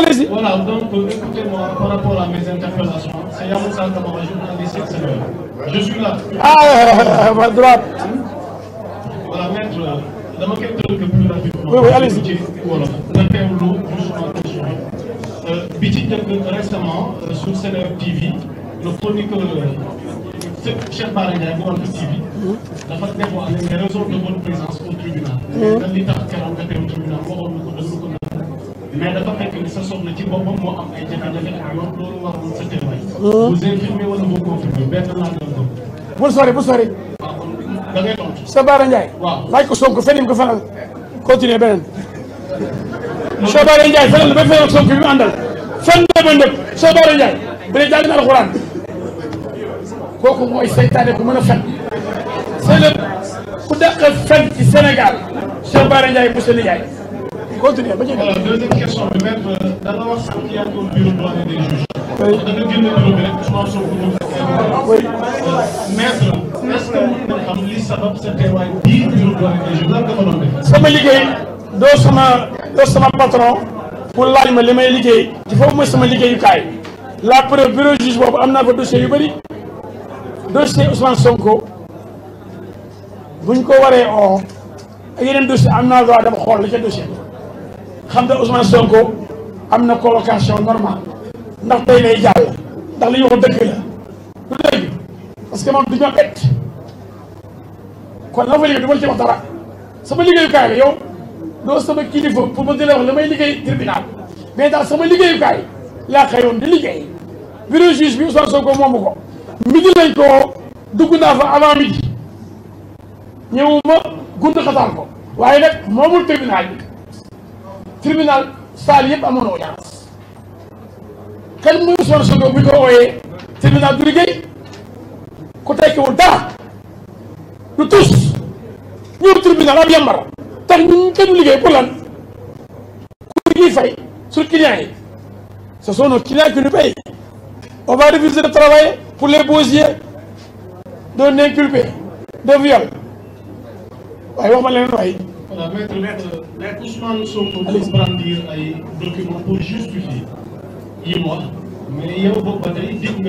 allez-y. Voilà, donc euh, écoutez-moi par rapport à mes interpellations. C'est Yamoussa Kamara, journaliste extérieur. Je suis là. Ah, ma droite. Voilà, maître, euh, dama koy tënk plus rapidement. oui oui allez-y. ci wala nga teewlu justement question bi ci njëkk récemment euh, sur Seneweb TV le chroniqueur euh, Cheikh Bara Ndiaye bu Walf TV dafa defoon ne raison de bonne présence au tribunal. Mm. dañ li tax keroog nga teew tribunal waxoon na ko dëgg ko mais dafa fekk ni sa soxna ci boppam moo am ay jafe-jafe ak ko. Euh? bul sori bul sori. waaw kon da ngay tontu. sa Baara Ndiaye. waaw laaj ko Sonko ko fanal. continuer beneen. soo Baara Ndiaye feneen ba feneen Sonko bi soo Baara Ndiaye. bu dee jàng na alxuraan. kooku mooy seytaane ku mën fen. c'est le ku dàq fen ci Sénégal. continuer ba ci alors liggéey doo sama doo sama patron pour laaj ma li may liggéey ci foofu mooy sama liggéeyukaay la preuve bureau juge boobu am naa fa dossier yu bëri dossier Ousmane Sonko buñ ko waree on ak yeneen dossier am naa droit dama xool ca dossier xam nga son Sonko am na convocation normale ndax tey lay jàll ndax li ñu wax la lu dëgg parce que moom du ñoo bett kon la ma fa liggéey du ma ci wax dara sama liggéeyukaay bi yow doo sama kilifa pour ma la wax la may liggéey tribunal mais daal sama liggéeyukaay la xëyoon di liggéey bureau juge bi Ousmane Sonko ko midi lañ ko dugg naa fa avant midi ñëwuma gunt xataal ko waaye nag moomul tribunal bi tribunal salle yëpp amoon audience kenn muy Ousmane Sonko bu ñu ko tribunal du liggéey ku tekkiwul dara du tus ñëw tribunal ab yambar tax ñun kenn liggéey pour lan ku ñuy fay sur client yi ce sont nos clients qui nous payent on va refuser de pour les beaux yeux d'un inculpé de viol waaye wax ma leen waaye Euh, maître lettre lettre Ousmane Sonko bëgg brandir ay documents pour justifier yi mu wax mais yow boobu ba tey dégg